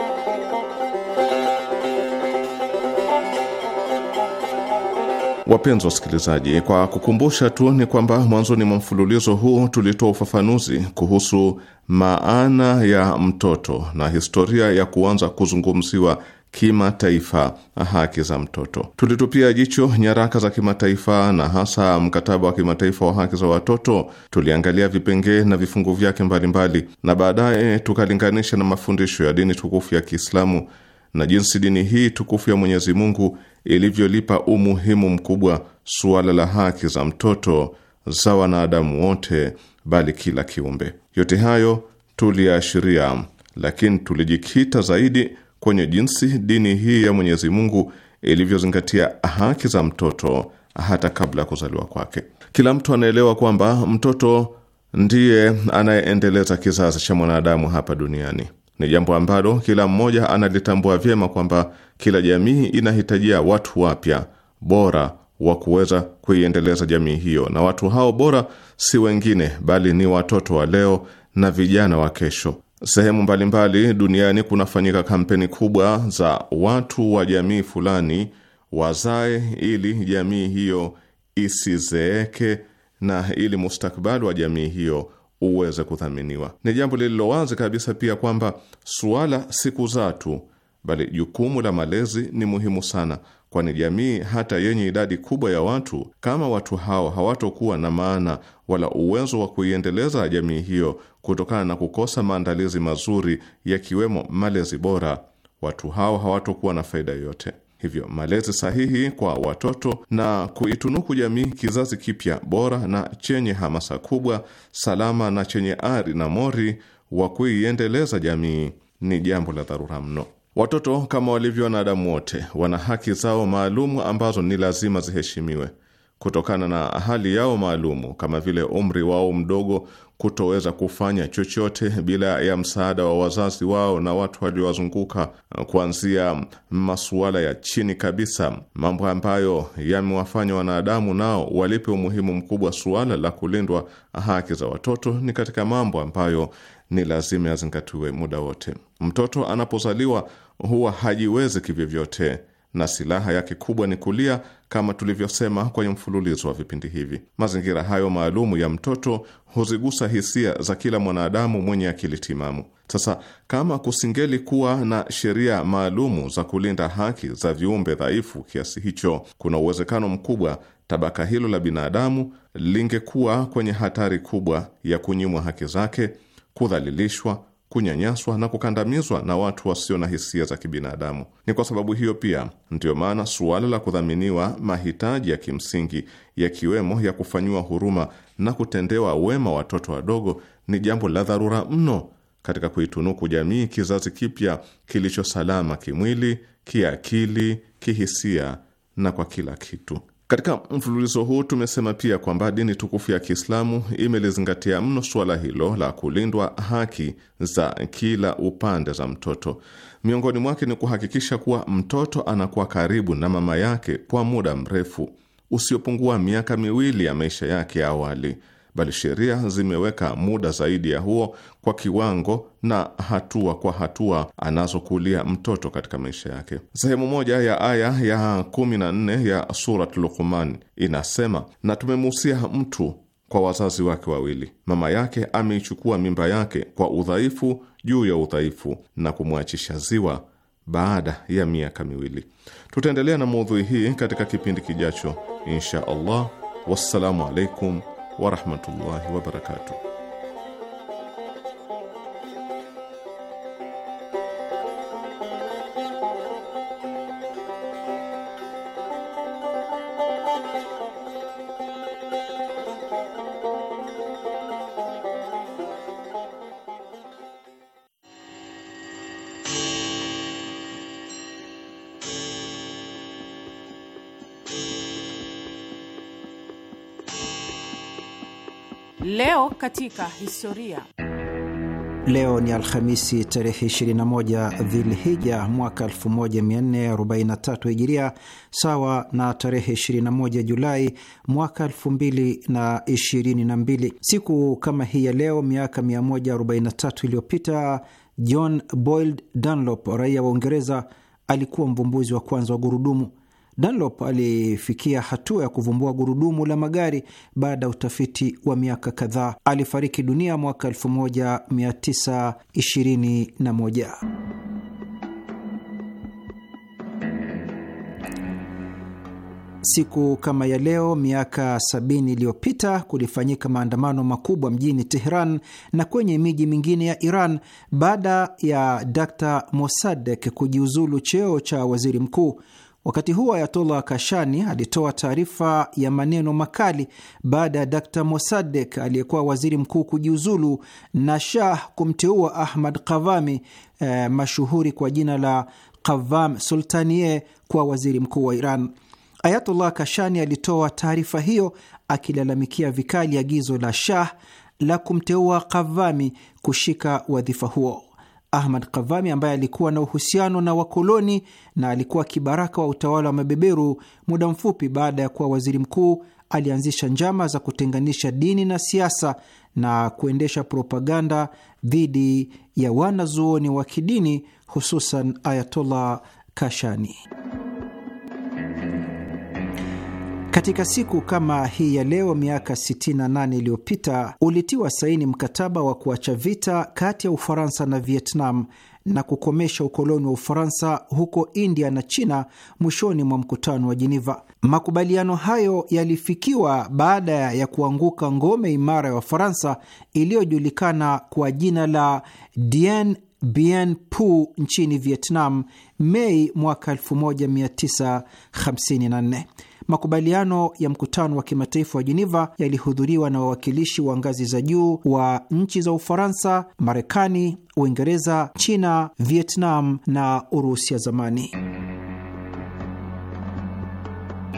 Wapenzi wasikilizaji, kwa kukumbusha tu ni kwamba mwanzoni mwa mfululizo huu tulitoa ufafanuzi kuhusu maana ya mtoto na historia ya kuanza kuzungumziwa kimataifa haki za mtoto. Tulitupia jicho nyaraka za kimataifa na hasa mkataba wa kimataifa wa haki za watoto. Tuliangalia vipengee na vifungu vyake mbalimbali, na baadaye tukalinganisha na mafundisho ya dini tukufu ya Kiislamu na jinsi dini hii tukufu ya Mwenyezi Mungu ilivyolipa umuhimu mkubwa suala la haki za mtoto za wanadamu wote, bali kila kiumbe. Yote hayo tuliashiria lakini tulijikita zaidi kwenye jinsi dini hii ya Mwenyezi Mungu ilivyozingatia haki za mtoto hata kabla ya kuzaliwa kwake. Kila mtu anaelewa kwamba mtoto ndiye anayeendeleza kizazi cha mwanadamu hapa duniani. Ni jambo ambalo kila mmoja analitambua vyema kwamba kila jamii inahitajia watu wapya bora wa kuweza kuiendeleza jamii hiyo, na watu hao bora si wengine bali ni watoto wa leo na vijana wa kesho. Sehemu mbalimbali duniani kunafanyika kampeni kubwa za watu wa jamii fulani wazae ili jamii hiyo isizeeke na ili mustakabali wa jamii hiyo uweze kudhaminiwa. Ni jambo lililo wazi kabisa pia kwamba suala si kuzaa tu, bali jukumu la malezi ni muhimu sana, kwani jamii hata yenye idadi kubwa ya watu, kama watu hao hawatokuwa na maana wala uwezo wa kuiendeleza jamii hiyo kutokana na kukosa maandalizi mazuri, yakiwemo malezi bora, watu hao hawatokuwa na faida yoyote. Hivyo malezi sahihi kwa watoto na kuitunuku jamii kizazi kipya bora na chenye hamasa kubwa, salama na chenye ari na mori wa kuiendeleza jamii ni jambo la dharura mno. Watoto kama walivyo wanadamu wote, wana haki zao maalumu ambazo ni lazima ziheshimiwe kutokana na hali yao maalumu kama vile umri wao mdogo, kutoweza kufanya chochote bila ya msaada wa wazazi wao na watu waliowazunguka, kuanzia masuala ya chini kabisa, mambo ambayo yamewafanya wanadamu nao walipe umuhimu mkubwa suala la kulindwa haki za watoto, ni katika mambo ambayo ni lazima yazingatiwe muda wote. Mtoto anapozaliwa huwa hajiwezi kivyovyote na silaha yake kubwa ni kulia, kama tulivyosema kwenye mfululizo wa vipindi hivi. Mazingira hayo maalumu ya mtoto huzigusa hisia za kila mwanadamu mwenye akili timamu. Sasa kama kusingeli kuwa na sheria maalumu za kulinda haki za viumbe dhaifu kiasi hicho, kuna uwezekano mkubwa tabaka hilo la binadamu lingekuwa kwenye hatari kubwa ya kunyimwa haki zake, kudhalilishwa kunyanyaswa na kukandamizwa na watu wasio na hisia za kibinadamu. Ni kwa sababu hiyo pia ndiyo maana suala la kudhaminiwa mahitaji ya kimsingi yakiwemo ya kufanyiwa huruma na kutendewa wema watoto wadogo ni jambo la dharura mno katika kuitunuku jamii kizazi kipya kilicho salama kimwili, kiakili, kihisia na kwa kila kitu. Katika mfululizo huu tumesema pia kwamba dini tukufu ya Kiislamu imelizingatia mno suala hilo la kulindwa haki za kila upande za mtoto. Miongoni mwake ni kuhakikisha kuwa mtoto anakuwa karibu na mama yake kwa muda mrefu usiopungua miaka miwili ya maisha yake ya awali bali sheria zimeweka muda zaidi ya huo kwa kiwango na hatua kwa hatua anazokulia mtoto katika maisha yake. Sehemu moja ya aya ya kumi na nne ya Surat Luqman inasema, na tumemuhusia mtu kwa wazazi wake wawili, mama yake ameichukua mimba yake kwa udhaifu juu ya udhaifu na kumwachisha ziwa baada ya miaka miwili. Tutaendelea na maudhui hii katika kipindi kijacho insha Allah. Wassalamu alaikum ورحمة الله وبركاته Leo katika historia. Leo ni Alhamisi tarehe 21 Dhilhija mwaka 1443 Hijiria, sawa na tarehe 21 Julai mwaka 2022. Siku kama hii ya leo miaka 143 iliyopita, John Boyd Dunlop, raia wa Uingereza, alikuwa mvumbuzi wa kwanza wa gurudumu. Dunlop alifikia hatua ya kuvumbua gurudumu la magari baada ya utafiti wa miaka kadhaa. Alifariki dunia mwaka 1921. Siku kama ya leo miaka sabini iliyopita kulifanyika maandamano makubwa mjini Teheran na kwenye miji mingine ya Iran baada ya Dr Mosadek kujiuzulu cheo cha waziri mkuu. Wakati huo Ayatollah Kashani alitoa taarifa ya maneno makali baada ya Dr Mosadek aliyekuwa waziri mkuu kujiuzulu na Shah kumteua Ahmad Kavami eh, mashuhuri kwa jina la Kavam Sultanie kuwa waziri mkuu wa Iran. Ayatollah Kashani alitoa taarifa hiyo akilalamikia vikali agizo la Shah la kumteua Kavami kushika wadhifa huo. Ahmad Kavami ambaye alikuwa na uhusiano na wakoloni na alikuwa kibaraka wa utawala wa mabeberu, muda mfupi baada ya kuwa waziri mkuu alianzisha njama za kutenganisha dini na siasa na kuendesha propaganda dhidi ya wanazuoni wa kidini, hususan Ayatollah Kashani. Katika siku kama hii ya leo miaka 68 iliyopita ulitiwa saini mkataba wa kuacha vita kati ya Ufaransa na Vietnam na kukomesha ukoloni wa Ufaransa huko India na China mwishoni mwa mkutano wa jiniva Makubaliano hayo yalifikiwa baada ya kuanguka ngome imara ya Wafaransa iliyojulikana kwa jina la Dien Bien Phu nchini Vietnam Mei mwaka 1954. Makubaliano ya mkutano wa kimataifa wa Jeneva yalihudhuriwa na wawakilishi wa ngazi za juu wa nchi za Ufaransa, Marekani, Uingereza, China, Vietnam na Urusi ya zamani.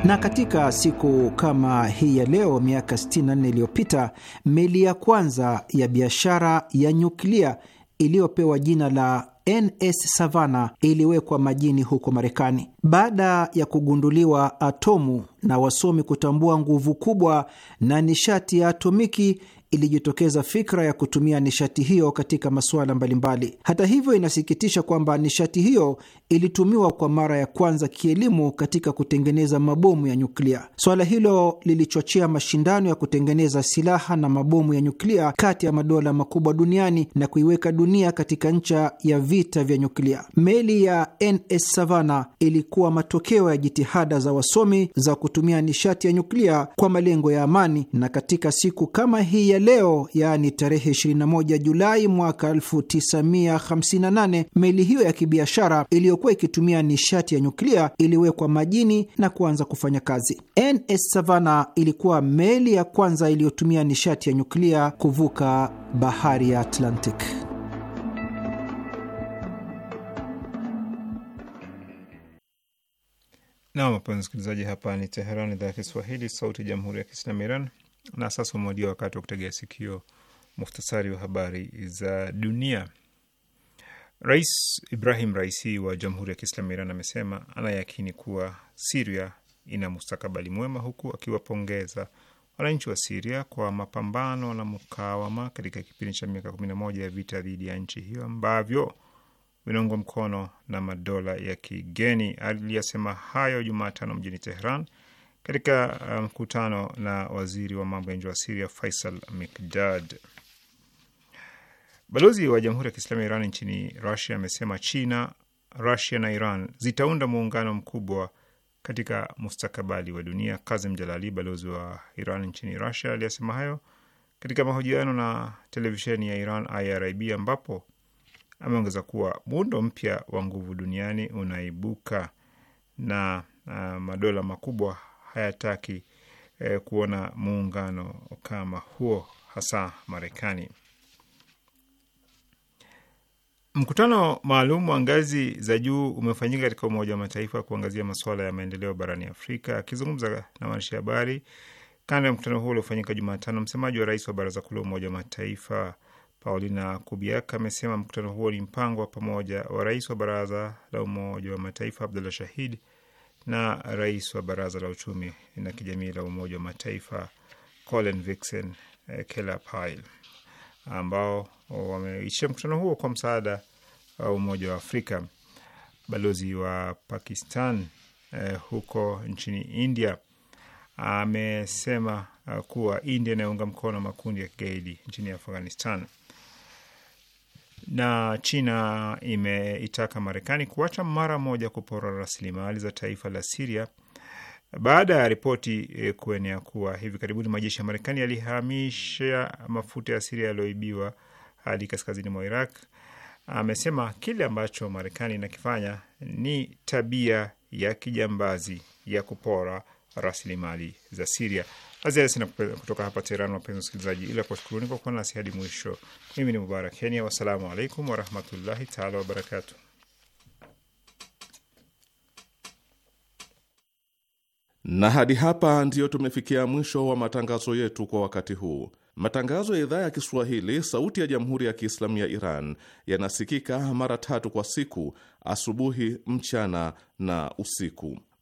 Na katika siku kama hii ya leo miaka 64 iliyopita meli ya kwanza ya biashara ya nyuklia iliyopewa jina la NS Savannah iliwekwa majini huko Marekani baada ya kugunduliwa atomu na wasomi kutambua nguvu kubwa na nishati ya atomiki ilijitokeza fikra ya kutumia nishati hiyo katika masuala mbalimbali. Hata hivyo, inasikitisha kwamba nishati hiyo ilitumiwa kwa mara ya kwanza kielimu katika kutengeneza mabomu ya nyuklia. Suala hilo lilichochea mashindano ya kutengeneza silaha na mabomu ya nyuklia kati ya madola makubwa duniani na kuiweka dunia katika ncha ya vita vya nyuklia. Meli ya NS Savannah ilikuwa matokeo ya jitihada za wasomi za kutumia nishati ya nyuklia kwa malengo ya amani, na katika siku kama hii ya leo, yaani tarehe 21 Julai mwaka 1958, meli hiyo ya kibiashara iliyokuwa ikitumia nishati ya nyuklia iliwekwa majini na kuanza kufanya kazi. NS Savannah ilikuwa meli ya kwanza iliyotumia nishati ya nyuklia kuvuka bahari ya Atlantic. Nam, wapenzi msikilizaji, hapa ni Teheran, idhaa ya Kiswahili, sauti ya jamhuri ya kiislamu Iran. Na sasa umewadia wakati wa kutegea sikio muhtasari wa habari za dunia. Rais Ibrahim Raisi wa Jamhuri ya Kiislamu ya Iran amesema anayakini kuwa Siria ina mustakabali mwema, huku akiwapongeza wananchi wa Siria kwa mapambano na mukawama katika kipindi cha miaka moja ya vita dhidi ya nchi hiyo ambavyo vinaungwa mkono na madola ya kigeni. Aliyasema hayo Jumatano mjini teheran katika uh, mkutano na waziri wa mambo ya nje wa Siria Faisal Mikdad. Balozi wa Jamhuri ya Kiislamu ya Iran nchini Rusia amesema China, Rusia na Iran zitaunda muungano mkubwa katika mustakabali wa dunia. Kazim Jalali, balozi wa Iran nchini Rusia, aliyesema hayo katika mahojiano na televisheni ya Iran IRIB, ambapo ameongeza kuwa muundo mpya wa nguvu duniani unaibuka na uh, madola makubwa hayataki e, kuona muungano kama huo, hasa Marekani. Mkutano maalum wa ngazi za juu umefanyika katika Umoja wa Mataifa kuangazia masuala ya maendeleo barani Afrika. Akizungumza na waandishi habari kando ya mkutano huo uliofanyika Jumatano, msemaji wa rais wa Baraza Kuu la Umoja wa Mataifa Paulina Kubiak amesema mkutano huo ni mpango wa pamoja wa rais wa Baraza la Umoja wa Mataifa Abdullah Shahid na rais wa baraza la uchumi na kijamii la Umoja wa Mataifa Colin Vixen eh, Kelapil ambao wameitisha mkutano huo kwa msaada wa Umoja wa Afrika. Balozi wa Pakistan eh, huko nchini India amesema eh, kuwa India inaunga mkono makundi ya kigaidi nchini Afghanistan na China imeitaka Marekani kuacha mara moja kupora rasilimali za taifa la Siria baada ya ripoti eh, kuenea kuwa hivi karibuni majeshi ya Marekani yalihamisha mafuta ya Siria yaliyoibiwa hadi kaskazini mwa Iraq. Amesema kile ambacho Marekani inakifanya ni tabia ya kijambazi ya kupora rasilimali za Siria. Azia sina kutoka hapa Teheran, wapenzi wasikilizaji, ila kuwashukuruni kwa kuwa nasi hadi mwisho. Mimi ni Mubarak Kenya, wassalamu alaikum warahmatullahi taala wabarakatu. Na hadi hapa ndiyo tumefikia mwisho wa matangazo yetu kwa wakati huu. Matangazo ya idhaa ya Kiswahili sauti ya jamhuri ya Kiislamu ya Iran yanasikika mara tatu kwa siku: asubuhi, mchana na usiku.